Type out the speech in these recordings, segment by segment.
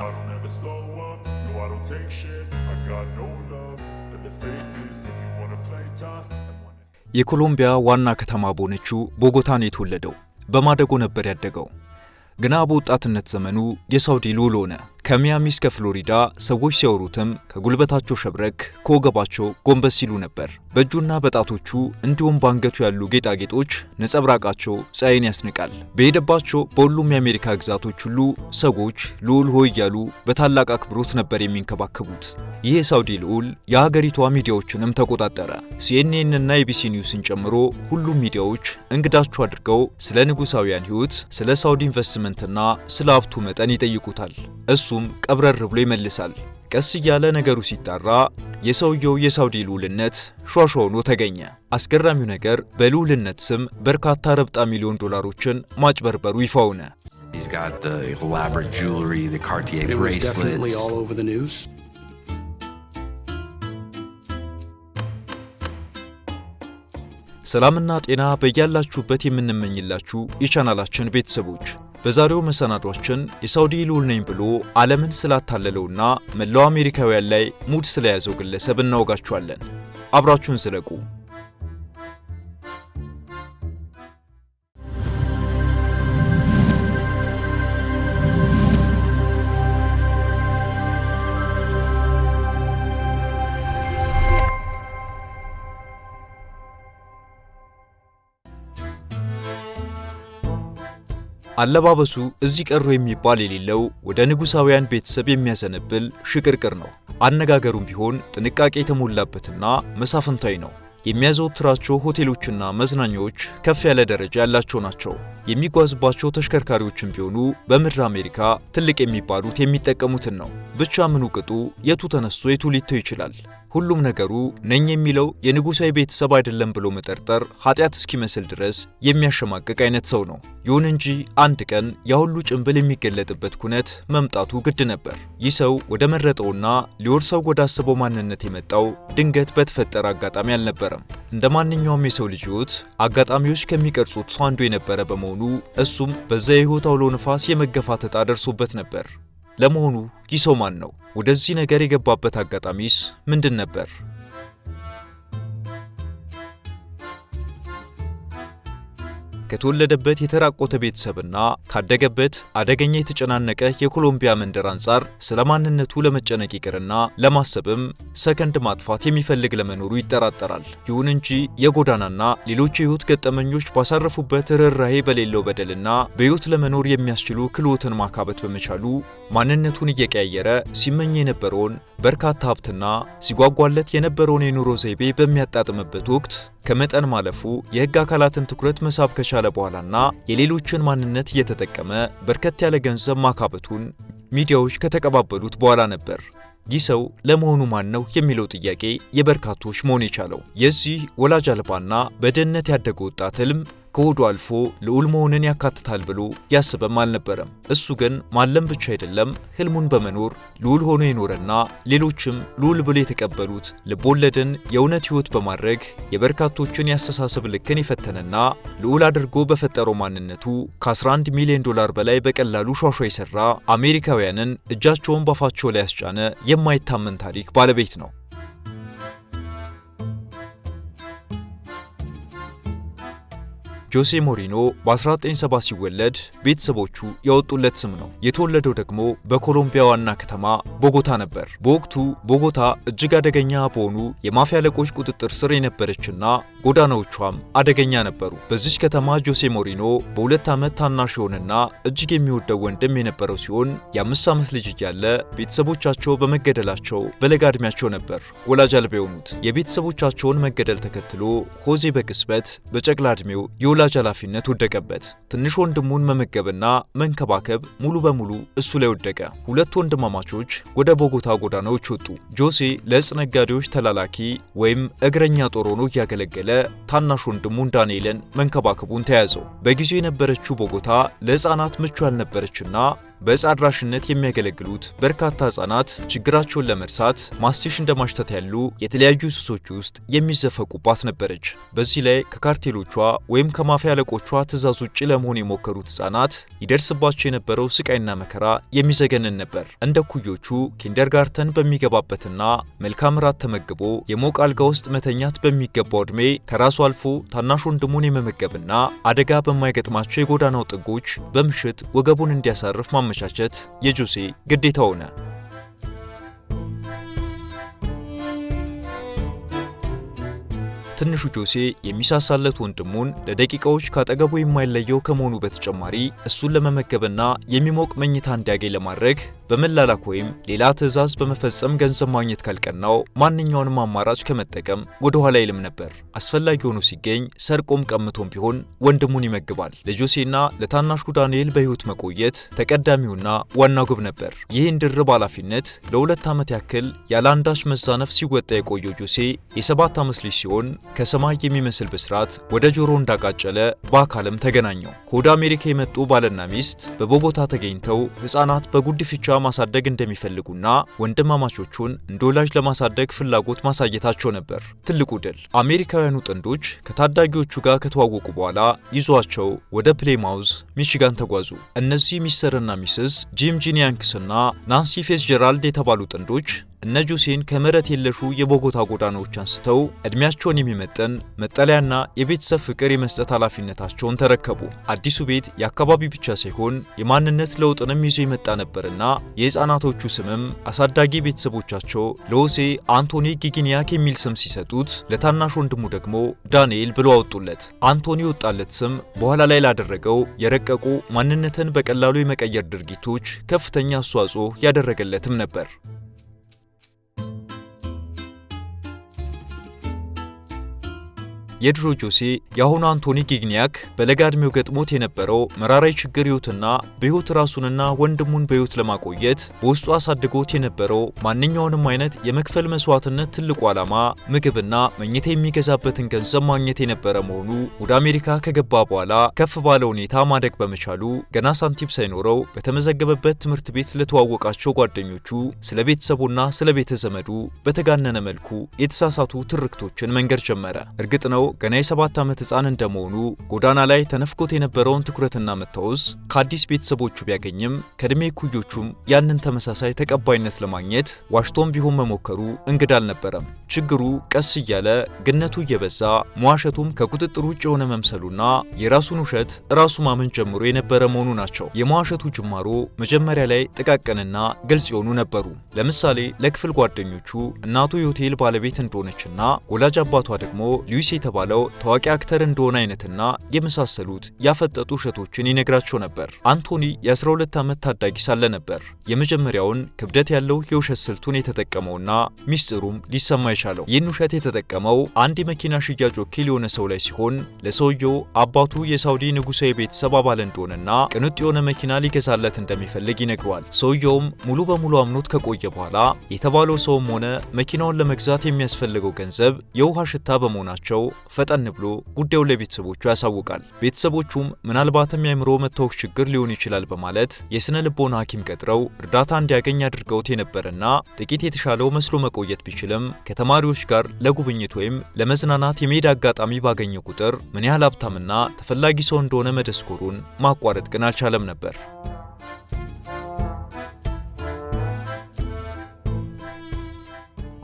I don't ever slow up, no I don't take shit I got no love for the fakeness If you wanna play tough የኮሎምቢያ ዋና ከተማ በሆነችው ቦጎታን የተወለደው በማደጎ ነበር ያደገው። ገና በወጣትነት ዘመኑ የሳውዲ ልዑል ሆነ። ከሚያሚ እስከ ፍሎሪዳ ሰዎች ሲያወሩትም ከጉልበታቸው ሸብረክ ከወገባቸው ጎንበስ ሲሉ ነበር። በእጁና በጣቶቹ እንዲሁም በአንገቱ ያሉ ጌጣጌጦች ነጸብራቃቸው ፀሐይን ያስንቃል። በሄደባቸው በሁሉም የአሜሪካ ግዛቶች ሁሉ ሰዎች ልዑል ሆይ እያሉ በታላቅ አክብሮት ነበር የሚንከባከቡት። ይህ የሳውዲ ልዑል የሀገሪቷ ሚዲያዎችንም ተቆጣጠረ። ሲኤንኤን እና ኤቢሲ ኒውስን ጨምሮ ሁሉም ሚዲያዎች እንግዳቸው አድርገው ስለ ንጉሳውያን ሕይወት፣ ስለ ሳውዲ ኢንቨስትመንትና ስለ ሀብቱ መጠን ይጠይቁታል። እሱ እሱም ቀብረር ብሎ ይመልሳል። ቀስ እያለ ነገሩ ሲጣራ የሰውየው የሳውዲ ልዑልነት ሿሿ ሆኖ ተገኘ። አስገራሚው ነገር በልዑልነት ስም በርካታ ረብጣ ሚሊዮን ዶላሮችን ማጭበርበሩ ይፋ ሆነ። ሰላምና ጤና በያላችሁበት የምንመኝላችሁ የቻናላችን ቤተሰቦች በዛሬው መሰናዷችን የሳውዲ ልዑል ነኝ ብሎ ዓለምን ስላታለለውና መላው አሜሪካውያን ላይ ሙድ ስለያዘው ግለሰብ እናወጋችኋለን። አብራችሁን ዝለቁ። አለባበሱ እዚህ ቀሩ የሚባል የሌለው ወደ ንጉሳውያን ቤተሰብ የሚያዘነብል ሽቅርቅር ነው። አነጋገሩም ቢሆን ጥንቃቄ የተሞላበትና መሳፍንታዊ ነው። የሚያዘወትራቸው ሆቴሎችና መዝናኛዎች ከፍ ያለ ደረጃ ያላቸው ናቸው። የሚጓዝባቸው ተሽከርካሪዎችም ቢሆኑ በምድር አሜሪካ ትልቅ የሚባሉት የሚጠቀሙትን ነው። ብቻ ምኑ ቅጡ የቱ ተነስቶ የቱ ሊቶ ይችላል? ሁሉም ነገሩ ነኝ የሚለው የንጉሳዊ ቤተሰብ አይደለም ብሎ መጠርጠር ኃጢአት እስኪመስል ድረስ የሚያሸማቅቅ አይነት ሰው ነው። ይሁን እንጂ አንድ ቀን ያሁሉ ጭንብል የሚገለጥበት ኩነት መምጣቱ ግድ ነበር። ይህ ሰው ወደ መረጠውና ሊወርሰው ወዳሰበው ማንነት የመጣው ድንገት በተፈጠረ አጋጣሚ አልነበረም። እንደ ማንኛውም የሰው ልጅ ህይወት አጋጣሚዎች ከሚቀርጹት ሰው አንዱ የነበረ በመሆኑ እሱም በዛ የሕይወት አውሎ ንፋስ የመገፋት ዕጣ ደርሶበት ነበር። ለመሆኑ ይህ ሰው ማን ነው? ወደዚህ ነገር የገባበት አጋጣሚስ ምንድን ነበር? ከተወለደበት የተራቆተ ቤተሰብና ካደገበት አደገኛ የተጨናነቀ የኮሎምቢያ መንደር አንጻር ስለ ማንነቱ ለመጨነቅ ይቅርና ለማሰብም ሰከንድ ማጥፋት የሚፈልግ ለመኖሩ ይጠራጠራል። ይሁን እንጂ የጎዳናና ሌሎች የህይወት ገጠመኞች ባሳረፉበት ርኅራኄ በሌለው በደልና በህይወት ለመኖር የሚያስችሉ ክህሎትን ማካበት በመቻሉ ማንነቱን እየቀያየረ ሲመኝ የነበረውን በርካታ ሀብትና ሲጓጓለት የነበረውን የኑሮ ዘይቤ በሚያጣጥምበት ወቅት ከመጠን ማለፉ የህግ አካላትን ትኩረት መሳብ ከቻለ ካለ በኋላና የሌሎችን ማንነት እየተጠቀመ በርከት ያለ ገንዘብ ማካበቱን ሚዲያዎች ከተቀባበሉት በኋላ ነበር። ይህ ሰው ለመሆኑ ማን ነው የሚለው ጥያቄ የበርካቶች መሆን የቻለው። የዚህ ወላጅ አልባና በደህንነት ያደገ ወጣት ህልም ከሆዱ አልፎ ልዑል መሆንን ያካትታል ብሎ ያስበም አልነበረም። እሱ ግን ማለም ብቻ አይደለም፣ ህልሙን በመኖር ልዑል ሆኖ የኖረና ሌሎችም ልዑል ብሎ የተቀበሉት ልቦለድን የእውነት ህይወት በማድረግ የበርካቶችን ያስተሳሰብ ልክን የፈተነና ልዑል አድርጎ በፈጠረው ማንነቱ ከ11 ሚሊዮን ዶላር በላይ በቀላሉ ሿሿ የሰራ አሜሪካውያንን እጃቸውን ባፋቸው ላይ ያስጫነ የማይታመን ታሪክ ባለቤት ነው። ጆሴ ሞሪኖ በ1970 ሲወለድ ቤተሰቦቹ ያወጡለት ስም ነው። የተወለደው ደግሞ በኮሎምቢያ ዋና ከተማ ቦጎታ ነበር። በወቅቱ ቦጎታ እጅግ አደገኛ በሆኑ የማፊያ አለቆች ቁጥጥር ስር የነበረችና ጎዳናዎቿም አደገኛ ነበሩ። በዚች ከተማ ጆሴ ሞሪኖ በሁለት ዓመት ታናሽ የሆነና እጅግ የሚወደው ወንድም የነበረው ሲሆን የአምስት ዓመት ልጅ እያለ ቤተሰቦቻቸው በመገደላቸው በለጋ ዕድሜያቸው ነበር ወላጅ አልባ የሆኑት። የቤተሰቦቻቸውን መገደል ተከትሎ ሆዜ በቅስበት በጨቅላ ዕድሜው የወላጅ ኃላፊነት ወደቀበት። ትንሽ ወንድሙን መመገብና መንከባከብ ሙሉ በሙሉ እሱ ላይ ወደቀ። ሁለት ወንድማማቾች ወደ ቦጎታ ጎዳናዎች ወጡ። ጆሴ ለእጽ ነጋዴዎች ተላላኪ ወይም እግረኛ ጦር ሆኖ እያገለገለ ታናሽ ወንድሙን ዳንኤልን መንከባከቡን ተያዘው። በጊዜው የነበረችው ቦጎታ ለሕፃናት ምቹ ያልነበረችና በዕፅ አድራሽነት የሚያገለግሉት በርካታ ህጻናት ችግራቸውን ለመርሳት ማስቲሽ እንደማሽተት ያሉ የተለያዩ ሱሶች ውስጥ የሚዘፈቁባት ነበረች። በዚህ ላይ ከካርቴሎቿ ወይም ከማፊያ አለቆቿ ትእዛዝ ውጭ ለመሆን የሞከሩት ህጻናት ይደርስባቸው የነበረው ስቃይና መከራ የሚዘገንን ነበር። እንደ ኩዮቹ ኪንደርጋርተን በሚገባበትና መልካም ራት ተመግቦ የሞቅ አልጋ ውስጥ መተኛት በሚገባው ዕድሜ ከራሱ አልፎ ታናሽ ወንድሙን የመመገብና አደጋ በማይገጥማቸው የጎዳናው ጥጎች በምሽት ወገቡን እንዲያሳርፍ ማመ ማመቻቸት የጁሲ ግዴታ ሆነ። ትንሹ ጆሴ የሚሳሳለት ወንድሙን ለደቂቃዎች ካጠገቡ የማይለየው ከመሆኑ በተጨማሪ እሱን ለመመገብና የሚሞቅ መኝታ እንዲያገኝ ለማድረግ በመላላክ ወይም ሌላ ትዕዛዝ በመፈጸም ገንዘብ ማግኘት ካልቀናው ማንኛውንም አማራጭ ከመጠቀም ወደ ኋላ አይልም ነበር። አስፈላጊ ሆኖ ሲገኝ ሰርቆም ቀምቶም ቢሆን ወንድሙን ይመግባል። ለጆሴና ለታናሹ ዳንኤል በሕይወት መቆየት ተቀዳሚውና ዋናው ግብ ነበር። ይህን ድርብ ኃላፊነት ለሁለት ዓመት ያክል ያለ አንዳች መዛነፍ ሲወጣ የቆየው ጆሴ የሰባት ዓመት ልጅ ሲሆን ከሰማይ የሚመስል ብስራት ወደ ጆሮ እንዳቃጨለ በአካልም ተገናኘው። ከወደ አሜሪካ የመጡ ባልና ሚስት በቦጎታ ተገኝተው ሕፃናት በጉድፍቻ ማሳደግ እንደሚፈልጉና ወንድማማቾቹን እንደ ወላጅ ለማሳደግ ፍላጎት ማሳየታቸው ነበር ትልቁ ድል። አሜሪካውያኑ ጥንዶች ከታዳጊዎቹ ጋር ከተዋወቁ በኋላ ይዟቸው ወደ ፕሌማውዝ ሚሽጋን ተጓዙ። እነዚህ ሚስተርና ሚስስ ጂም ጂኒያንክስና ናንሲ ፌስ ጀራልድ የተባሉ ጥንዶች እነ ጁሴን የለሹ የቦጎታ ጎዳናዎች አንስተው ዕድሜያቸውን የሚመጠን መጠለያና የቤተሰብ ፍቅር የመስጠት ኃላፊነታቸውን ተረከቡ። አዲሱ ቤት የአካባቢ ብቻ ሳይሆን የማንነት ለውጥንም ይዞ የመጣ ነበርና የሕፃናቶቹ ስምም አሳዳጊ ቤተሰቦቻቸው ለሆሴ አንቶኒ ጊጊንያክ የሚል ስም ሲሰጡት ለታናሽ ወንድሙ ደግሞ ዳንኤል ብሎ አወጡለት። አንቶኒ የወጣለት ስም በኋላ ላይ ላደረገው የረቀቁ ማንነትን በቀላሉ የመቀየር ድርጊቶች ከፍተኛ አስተዋጽኦ ያደረገለትም ነበር። የድሮ ጆሴ የአሁኑ አንቶኒ ጊግኒያክ በለጋ ገጥሞት የነበረው መራራዊ ችግር ህይወትና በህይወት ራሱንና ወንድሙን በህይወት ለማቆየት በውስጡ አሳድጎት የነበረው ማንኛውንም አይነት የመክፈል መስዋዕትነት ትልቁ ዓላማ ምግብና መኝታ የሚገዛበትን ገንዘብ ማግኘት የነበረ መሆኑ ወደ አሜሪካ ከገባ በኋላ ከፍ ባለ ሁኔታ ማደግ በመቻሉ ገና ሳንቲም ሳይኖረው በተመዘገበበት ትምህርት ቤት ለተዋወቃቸው ጓደኞቹ ስለ ቤተሰቡና ስለ ቤተ ዘመዱ በተጋነነ መልኩ የተሳሳቱ ትርክቶችን መንገድ ጀመረ። እርግጥ ነው ገና የሰባት ዓመት ሕፃን እንደመሆኑ ጎዳና ላይ ተነፍኮት የነበረውን ትኩረትና መታወስ ከአዲስ ቤተሰቦቹ ቢያገኝም ከዕድሜ ኩዮቹም ያንን ተመሳሳይ ተቀባይነት ለማግኘት ዋሽቶም ቢሆን መሞከሩ እንግዳ አልነበረም። ችግሩ ቀስ እያለ ግነቱ እየበዛ መዋሸቱም ከቁጥጥር ውጭ የሆነ መምሰሉና የራሱን ውሸት ራሱ ማመን ጀምሮ የነበረ መሆኑ ናቸው። የመዋሸቱ ጅማሮ መጀመሪያ ላይ ጥቃቅንና ግልጽ የሆኑ ነበሩ። ለምሳሌ ለክፍል ጓደኞቹ እናቱ የሆቴል ባለቤት እንደሆነችና ወላጅ አባቷ ደግሞ ሉዊስ የተባለ የተባለው ታዋቂ አክተር እንደሆነ አይነትና የመሳሰሉት ያፈጠጡ ውሸቶችን ይነግራቸው ነበር። አንቶኒ የ12 ዓመት ታዳጊ ሳለ ነበር የመጀመሪያውን ክብደት ያለው የውሸት ስልቱን የተጠቀመውና ሚስጥሩም ሊሰማ የቻለው። ይህን ውሸት የተጠቀመው አንድ የመኪና ሽያጭ ወኪል የሆነ ሰው ላይ ሲሆን ለሰውየው አባቱ የሳውዲ ንጉሳዊ ቤተሰብ አባል እንደሆነና ቅንጡ የሆነ መኪና ሊገዛለት እንደሚፈልግ ይነግሯል። ሰውየውም ሙሉ በሙሉ አምኖት ከቆየ በኋላ የተባለው ሰውም ሆነ መኪናውን ለመግዛት የሚያስፈልገው ገንዘብ የውሃ ሽታ በመሆናቸው ፈጠን ብሎ ጉዳዩ ለቤተሰቦቹ ያሳውቃል። ቤተሰቦቹም ምናልባትም የአእምሮ መታወክ ችግር ሊሆን ይችላል በማለት የስነ ልቦና ሐኪም ቀጥረው እርዳታ እንዲያገኝ አድርገውት የነበረና ጥቂት የተሻለው መስሎ መቆየት ቢችልም ከተማሪዎች ጋር ለጉብኝት ወይም ለመዝናናት የመሄድ አጋጣሚ ባገኘ ቁጥር ምን ያህል ሀብታምና ተፈላጊ ሰው እንደሆነ መደስኮሩን ማቋረጥ ግን አልቻለም ነበር።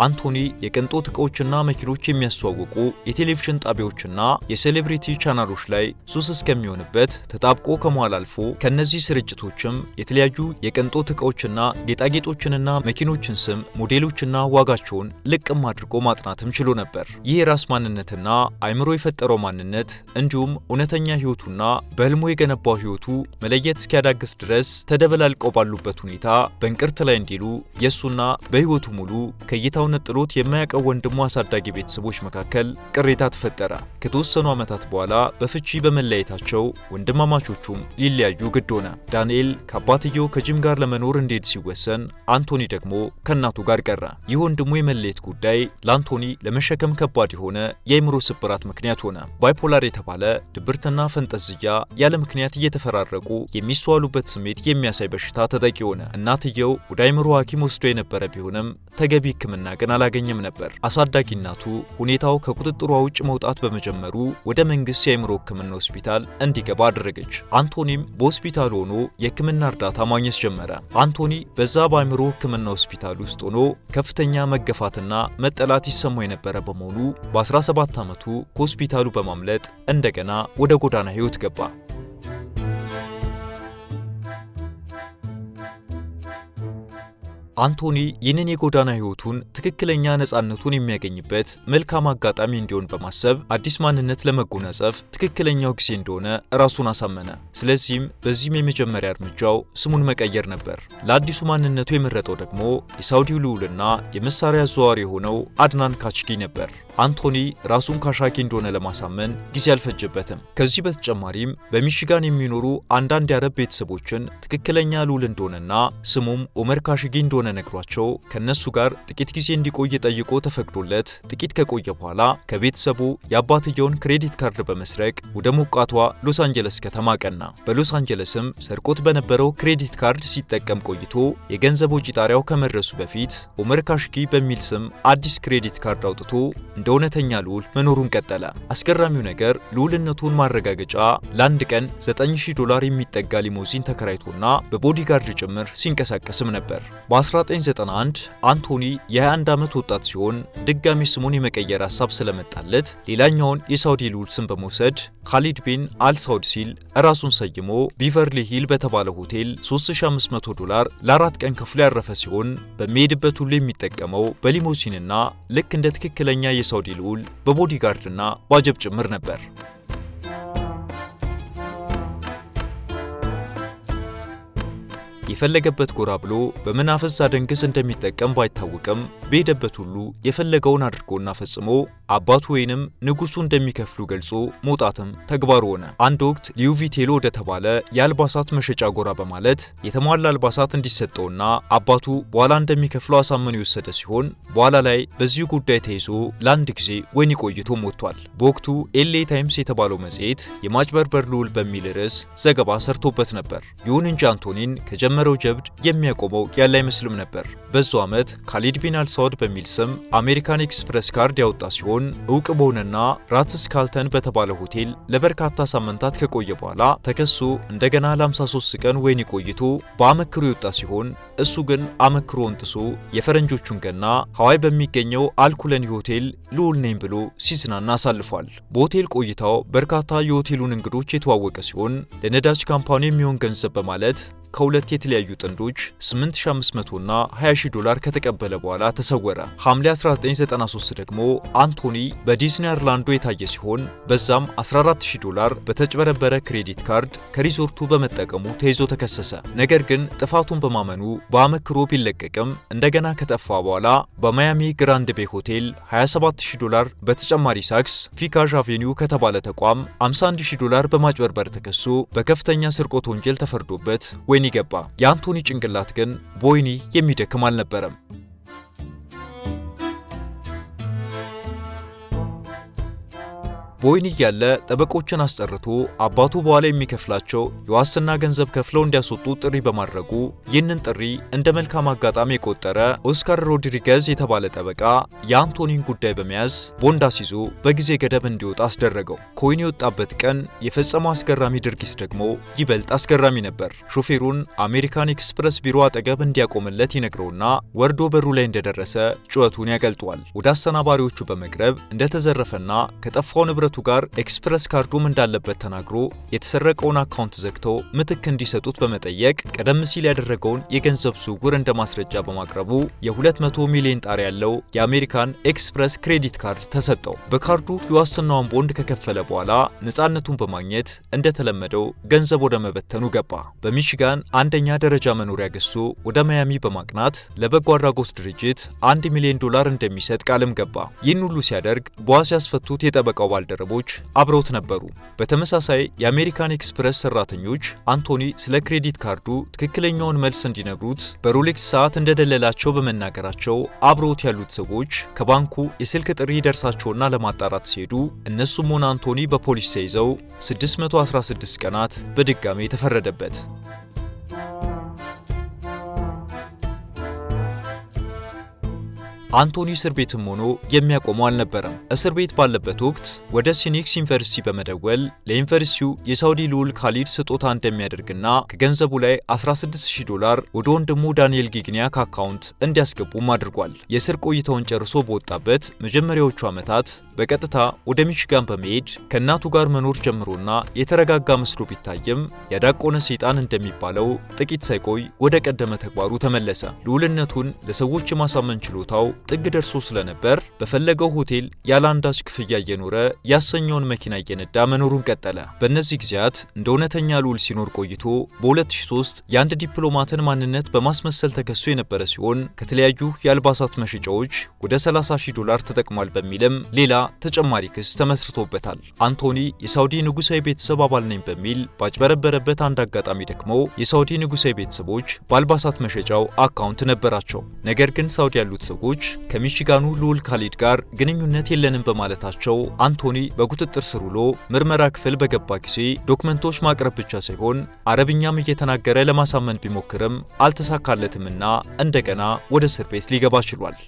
አንቶኒ የቅንጦት እቃዎችና መኪኖች የሚያስተዋውቁ የቴሌቪዥን ጣቢያዎችና የሴሌብሪቲ ቻናሎች ላይ ሱስ እስከሚሆንበት ተጣብቆ ከመዋል አልፎ ከእነዚህ ስርጭቶችም የተለያዩ የቅንጦት እቃዎችና ጌጣጌጦችንና መኪኖችን ስም፣ ሞዴሎችና ዋጋቸውን ልቅም አድርጎ ማጥናትም ችሎ ነበር። ይህ የራስ ማንነትና አይምሮ የፈጠረው ማንነት እንዲሁም እውነተኛ ሕይወቱና በሕልሞ የገነባው ሕይወቱ መለየት እስኪያዳግስ ድረስ ተደበላልቀው ባሉበት ሁኔታ በእንቅርት ላይ እንዲሉ የእሱና በህይወቱ ሙሉ ከእይታው ሰውነት ጥሎት የማያውቀው ወንድሙ አሳዳጊ ቤተሰቦች መካከል ቅሬታ ተፈጠረ። ከተወሰኑ ዓመታት በኋላ በፍቺ በመለያየታቸው ወንድማማቾቹም ሊለያዩ ግድ ሆነ። ዳንኤል ከአባትየው ከጂም ጋር ለመኖር እንዲሄድ ሲወሰን፣ አንቶኒ ደግሞ ከእናቱ ጋር ቀረ። ይህ ወንድሙ የመለየት ጉዳይ ለአንቶኒ ለመሸከም ከባድ የሆነ የአእምሮ ስብራት ምክንያት ሆነ። ባይፖላር የተባለ ድብርትና ፈንጠዝያ ያለ ምክንያት እየተፈራረቁ የሚስተዋሉበት ስሜት የሚያሳይ በሽታ ተጠቂ ሆነ። እናትየው ወደ አእምሮ ሐኪም ወስዶ የነበረ ቢሆንም ተገቢ ሕክምና ግን አላገኘም ነበር። አሳዳጊ እናቱ ሁኔታው ከቁጥጥሯ ውጭ መውጣት በመጀመሩ ወደ መንግስት የአእምሮ ህክምና ሆስፒታል እንዲገባ አደረገች። አንቶኒም በሆስፒታል ሆኖ የህክምና እርዳታ ማግኘት ጀመረ። አንቶኒ በዛ በአእምሮ ህክምና ሆስፒታል ውስጥ ሆኖ ከፍተኛ መገፋትና መጠላት ይሰማው የነበረ በመሆኑ በ17 ዓመቱ ከሆስፒታሉ በማምለጥ እንደገና ወደ ጎዳና ህይወት ገባ። አንቶኒ ይህንን የጎዳና ህይወቱን ትክክለኛ ነፃነቱን የሚያገኝበት መልካም አጋጣሚ እንዲሆን በማሰብ አዲስ ማንነት ለመጎናጸፍ ትክክለኛው ጊዜ እንደሆነ ራሱን አሳመነ። ስለዚህም በዚህም የመጀመሪያ እርምጃው ስሙን መቀየር ነበር። ለአዲሱ ማንነቱ የመረጠው ደግሞ የሳውዲው ልዑልና የመሳሪያ አዘዋዋሪ የሆነው አድናን ካችጊ ነበር። አንቶኒ ራሱን ካሻኪ እንደሆነ ለማሳመን ጊዜ አልፈጀበትም። ከዚህ በተጨማሪም በሚሽጋን የሚኖሩ አንዳንድ የአረብ ቤተሰቦችን ትክክለኛ ልዑል እንደሆነና ስሙም ኦመር ካሽጊ እንደሆነ እንደሆነ ነግሯቸው ከነሱ ጋር ጥቂት ጊዜ እንዲቆይ ጠይቆ ተፈቅዶለት ጥቂት ከቆየ በኋላ ከቤተሰቡ የአባትየውን ክሬዲት ካርድ በመስረቅ ወደ ሞቃቷ ሎስ አንጀለስ ከተማ ቀና። በሎስ አንጀለስም ሰርቆት በነበረው ክሬዲት ካርድ ሲጠቀም ቆይቶ የገንዘብ ወጪ ጣሪያው ከመድረሱ በፊት ኦመር ካሽኪ በሚል ስም አዲስ ክሬዲት ካርድ አውጥቶ እንደ እውነተኛ ልዑል መኖሩን ቀጠለ። አስገራሚው ነገር ልዑልነቱን ማረጋገጫ ለአንድ ቀን 9000 ዶላር የሚጠጋ ሊሞዚን ተከራይቶና በቦዲጋርድ ጭምር ሲንቀሳቀስም ነበር። በ19 አንቶኒ የ21 ዓመት ወጣት ሲሆን ድጋሚ ስሙን የመቀየር ሀሳብ ስለመጣለት ሌላኛውን የሳውዲ ልዑል ስም በመውሰድ ካሊድ ቢን አልሳውድ ሲል ራሱን ሰይሞ ቢቨርሊ ሂል በተባለ ሆቴል 3500 ዶላር ለአራት ቀን ከፍሎ ያረፈ ሲሆን በሚሄድበት ሁሉ የሚጠቀመው በሊሞሲንና ልክ እንደ ትክክለኛ የሳውዲ ልዑል በቦዲጋርድና ባጀብ ጭምር ነበር። የፈለገበት ጎራ ብሎ በመናፈስ አደንግስ እንደሚጠቀም ባይታወቅም በሄደበት ሁሉ የፈለገውን አድርጎና ፈጽሞ አባቱ ወይንም ንጉሱ እንደሚከፍሉ ገልጾ መውጣትም ተግባሩ ሆነ። አንድ ወቅት ሊዩቪቴሎ ወደተባለ የአልባሳት መሸጫ ጎራ በማለት የተሟላ አልባሳት እንዲሰጠውና አባቱ በኋላ እንደሚከፍለው አሳምኖ የወሰደ ሲሆን በኋላ ላይ በዚሁ ጉዳይ ተይዞ ለአንድ ጊዜ ወህኒ ቆይቶ ሞቷል። በወቅቱ ኤሌ ታይምስ የተባለው መጽሔት የማጭበርበር ልዑል በሚል ርዕስ ዘገባ ሰርቶበት ነበር። ይሁን እንጂ አንቶኒን ከጀመ ለጀመረው ጀብድ የሚያቆመው ያለ አይመስልም ነበር። በዚሁ ዓመት ካሊድ ቢን አልሳውድ በሚል ስም አሜሪካን ኤክስፕረስ ካርድ ያወጣ ሲሆን እውቅ በሆነና ራትስ ካልተን በተባለ ሆቴል ለበርካታ ሳምንታት ከቆየ በኋላ ተከሱ እንደገና ለ53 ቀን ወይን ቆይቶ በአመክሮ የወጣ ሲሆን እሱ ግን አመክሮውን ጥሶ የፈረንጆቹን ገና ሀዋይ በሚገኘው አልኩለኒ ሆቴል ልዑል ነኝ ብሎ ሲዝናና አሳልፏል። በሆቴል ቆይታው በርካታ የሆቴሉን እንግዶች የተዋወቀ ሲሆን ለነዳጅ ካምፓኒ የሚሆን ገንዘብ በማለት ከሁለት የተለያዩ ጥንዶች 8500 እና 20000 ዶላር ከተቀበለ በኋላ ተሰወረ። ሐምሌ 1993 ደግሞ አንቶኒ በዲዝኒ አርላንዶ የታየ ሲሆን በዛም 14000 ዶላር በተጭበረበረ ክሬዲት ካርድ ከሪዞርቱ በመጠቀሙ ተይዞ ተከሰሰ። ነገር ግን ጥፋቱን በማመኑ በአመክሮ ቢለቀቅም እንደገና ከጠፋ በኋላ በማያሚ ግራንድ ቤ ሆቴል 27000 ዶላር በተጨማሪ ሳክስ ፊካዥ አቬኒው ከተባለ ተቋም 51000 ዶላር በማጭበርበር ተከሶ በከፍተኛ ስርቆት ወንጀል ተፈርዶበት ወይኒ ገባ። የአንቶኒ ጭንቅላት ግን በወይኒ የሚደክም አልነበረም። በወህኒ እያለ ጠበቆችን አስጠርቶ አባቱ በኋላ የሚከፍላቸው የዋስትና ገንዘብ ከፍለው እንዲያስወጡ ጥሪ በማድረጉ ይህንን ጥሪ እንደ መልካም አጋጣሚ የቆጠረ ኦስካር ሮድሪገዝ የተባለ ጠበቃ የአንቶኒን ጉዳይ በመያዝ ቦንድ አስይዞ በጊዜ ገደብ እንዲወጣ አስደረገው። ከወህኒ የወጣበት ቀን የፈጸመው አስገራሚ ድርጊት ደግሞ ይበልጥ አስገራሚ ነበር። ሾፌሩን አሜሪካን ኤክስፕረስ ቢሮ አጠገብ እንዲያቆምለት ይነግረውና ወርዶ በሩ ላይ እንደደረሰ ጩኸቱን ያገልጧል። ወደ አሰናባሪዎቹ በመቅረብ እንደተዘረፈና ከጠፋው ንብረ ንብረቱ ጋር ኤክስፕረስ ካርዱም እንዳለበት ተናግሮ የተሰረቀውን አካውንት ዘግቶ ምትክ እንዲሰጡት በመጠየቅ ቀደም ሲል ያደረገውን የገንዘብ ዝውውር እንደ ማስረጃ በማቅረቡ የ200 ሚሊዮን ጣር ያለው የአሜሪካን ኤክስፕረስ ክሬዲት ካርድ ተሰጠው። በካርዱ የዋስትናውን ቦንድ ከከፈለ በኋላ ነፃነቱን በማግኘት እንደተለመደው ገንዘብ ወደ መበተኑ ገባ። በሚሽጋን አንደኛ ደረጃ መኖሪያ ገሱ ወደ ማያሚ በማቅናት ለበጎ አድራጎት ድርጅት አንድ ሚሊዮን ዶላር እንደሚሰጥ ቃልም ገባ። ይህን ሁሉ ሲያደርግ በዋስ ያስፈቱት የጠበቃው ባልደረ ባልደረቦች አብረውት ነበሩ። በተመሳሳይ የአሜሪካን ኤክስፕረስ ሰራተኞች አንቶኒ ስለ ክሬዲት ካርዱ ትክክለኛውን መልስ እንዲነግሩት በሮሌክስ ሰዓት እንደደለላቸው በመናገራቸው አብረውት ያሉት ሰዎች ከባንኩ የስልክ ጥሪ ደርሳቸውና ለማጣራት ሲሄዱ እነሱም ሆነ አንቶኒ በፖሊስ ተይዘው 616 ቀናት በድጋሜ ተፈረደበት። አንቶኒ እስር ቤትም ሆኖ የሚያቆመው አልነበረም። እስር ቤት ባለበት ወቅት ወደ ሲኒክስ ዩኒቨርሲቲ በመደወል ለዩኒቨርሲቲው የሳውዲ ልዑል ካሊድ ስጦታ እንደሚያደርግና ከገንዘቡ ላይ 160 ዶላር ወደ ወንድሙ ዳንኤል ጊግኒያክ አካውንት እንዲያስገቡም አድርጓል። የእስር ቆይታውን ጨርሶ በወጣበት መጀመሪያዎቹ ዓመታት በቀጥታ ወደ ሚሽጋን በመሄድ ከእናቱ ጋር መኖር ጀምሮና የተረጋጋ መስሎ ቢታይም ያዳቆነ ሰይጣን እንደሚባለው ጥቂት ሳይቆይ ወደ ቀደመ ተግባሩ ተመለሰ። ልዑልነቱን ለሰዎች የማሳመን ችሎታው ጥግ ደርሶ ስለነበር በፈለገው ሆቴል ያለ አንዳች ክፍያ እየኖረ ያሰኘውን መኪና እየነዳ መኖሩን ቀጠለ። በእነዚህ ጊዜያት እንደ እውነተኛ ልዑል ሲኖር ቆይቶ በ2003 የአንድ ዲፕሎማትን ማንነት በማስመሰል ተከሶ የነበረ ሲሆን ከተለያዩ የአልባሳት መሸጫዎች ወደ 30 ዶላር ተጠቅሟል በሚልም ሌላ ተጨማሪ ክስ ተመስርቶበታል። አንቶኒ የሳውዲ ንጉሳዊ ቤተሰብ አባል ነኝ በሚል ባጭበረበረበት አንድ አጋጣሚ ደግሞ የሳውዲ ንጉሳዊ ቤተሰቦች በአልባሳት መሸጫው አካውንት ነበራቸው። ነገር ግን ሳውዲ ያሉት ሰዎች ከሚሽጋኑ ልዑል ካሊድ ጋር ግንኙነት የለንም በማለታቸው አንቶኒ በቁጥጥር ስር ውሎ ምርመራ ክፍል በገባ ጊዜ ዶክመንቶች ማቅረብ ብቻ ሳይሆን አረብኛም እየተናገረ ለማሳመን ቢሞክርም አልተሳካለትምና እንደገና ወደ እስር ቤት ሊገባ ችሏል።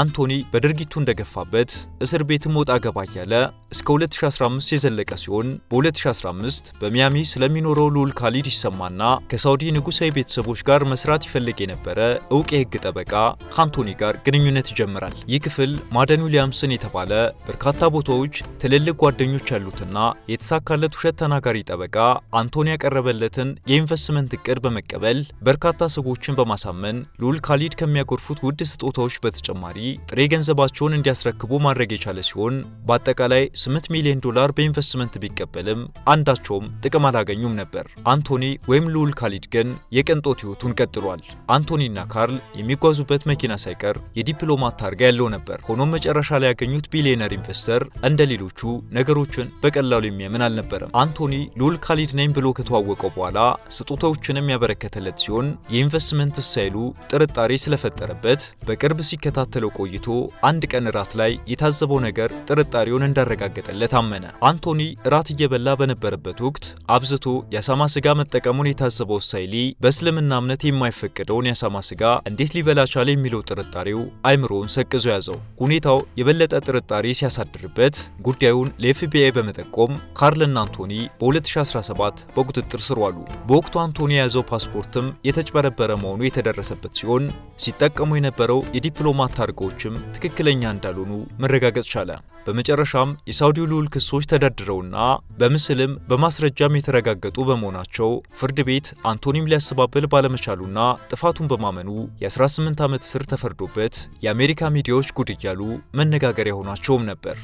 አንቶኒ በድርጊቱ እንደገፋበት እስር ቤት ወጣ ገባ እያለ እስከ 2015 የዘለቀ ሲሆን በ2015 በሚያሚ ስለሚኖረው ልዑል ካሊድ ይሰማና ከሳውዲ ንጉሳዊ ቤተሰቦች ጋር መስራት ይፈልግ የነበረ እውቅ የህግ ጠበቃ ከአንቶኒ ጋር ግንኙነት ይጀምራል። ይህ ክፍል ማደን ዊሊያምስን የተባለ በርካታ ቦታዎች ትልልቅ ጓደኞች ያሉትና የተሳካለት ውሸት ተናጋሪ ጠበቃ አንቶኒ ያቀረበለትን የኢንቨስትመንት እቅድ በመቀበል በርካታ ሰዎችን በማሳመን ልዑል ካሊድ ከሚያጎርፉት ውድ ስጦታዎች በተጨማሪ ጥሬ ገንዘባቸውን እንዲያስረክቡ ማድረግ የቻለ ሲሆን በአጠቃላይ 8 ሚሊዮን ዶላር በኢንቨስትመንት ቢቀበልም አንዳቸውም ጥቅም አላገኙም ነበር። አንቶኒ ወይም ልዑል ካሊድ ግን የቅንጦት ሕይወቱን ቀጥሏል። አንቶኒና ካርል የሚጓዙበት መኪና ሳይቀር የዲፕሎማት ታርጋ ያለው ነበር። ሆኖም መጨረሻ ላይ ያገኙት ቢሊዮነር ኢንቨስተር እንደ ሌሎቹ ነገሮችን በቀላሉ የሚያምን አልነበረም። አንቶኒ ልዑል ካሊድ ነኝ ብሎ ከተዋወቀው በኋላ ስጦታዎችንም ያበረከተለት ሲሆን የኢንቨስትመንት ሳይሉ ጥርጣሬ ስለፈጠረበት በቅርብ ሲከታተለው ቆይቶ አንድ ቀን እራት ላይ የታዘበው ነገር ጥርጣሬውን እንዳረጋገጠለት አመነ። አንቶኒ እራት እየበላ በነበረበት ወቅት አብዝቶ የአሳማ ስጋ መጠቀሙን የታዘበው ሳይሊ በእስልምና እምነት የማይፈቀደውን የአሳማ ስጋ እንዴት ሊበላ ቻለ የሚለው ጥርጣሬው አይምሮውን ሰቅዞ ያዘው። ሁኔታው የበለጠ ጥርጣሬ ሲያሳድርበት ጉዳዩን ለኤፍቢአይ በመጠቆም ካርልና አንቶኒ በ2017 በቁጥጥር ስር ዋሉ። በወቅቱ አንቶኒ የያዘው ፓስፖርትም የተጭበረበረ መሆኑ የተደረሰበት ሲሆን ሲጠቀሙ የነበረው የዲፕሎማት ታርጎ ሸለቆዎችም ትክክለኛ እንዳልሆኑ መረጋገጥ ቻለ። በመጨረሻም የሳውዲው ልዑል ክሶች ተደርድረውና በምስልም በማስረጃም የተረጋገጡ በመሆናቸው ፍርድ ቤት አንቶኒም ሊያሰባብል ባለመቻሉና ጥፋቱን በማመኑ የ18 ዓመት ስር ተፈርዶበት የአሜሪካ ሚዲያዎች ጉድ እያሉ መነጋገሪያ ሆናቸውም ነበር።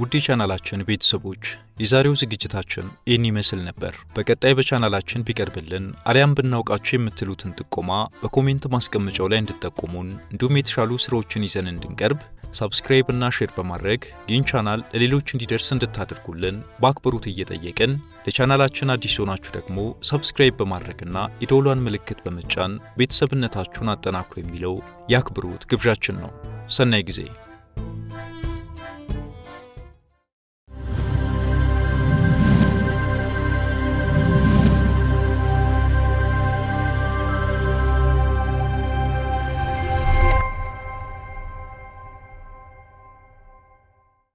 ውድ ቻናላችን ቤተሰቦች የዛሬው ዝግጅታችን ይህን ይመስል ነበር። በቀጣይ በቻናላችን ቢቀርብልን አሊያም ብናውቃቸው የምትሉትን ጥቆማ በኮሜንት ማስቀመጫው ላይ እንድጠቁሙን እንዲሁም የተሻሉ ስራዎችን ይዘን እንድንቀርብ ሳብስክራይብ እና ሼር በማድረግ ይህን ቻናል ለሌሎች እንዲደርስ እንድታደርጉልን በአክብሮት እየጠየቅን ለቻናላችን አዲስ ሆናችሁ ደግሞ ሰብስክራይብ በማድረግና የደወሏን ምልክት በመጫን ቤተሰብነታችሁን አጠናክሮ የሚለው የአክብሮት ግብዣችን ነው። ሰናይ ጊዜ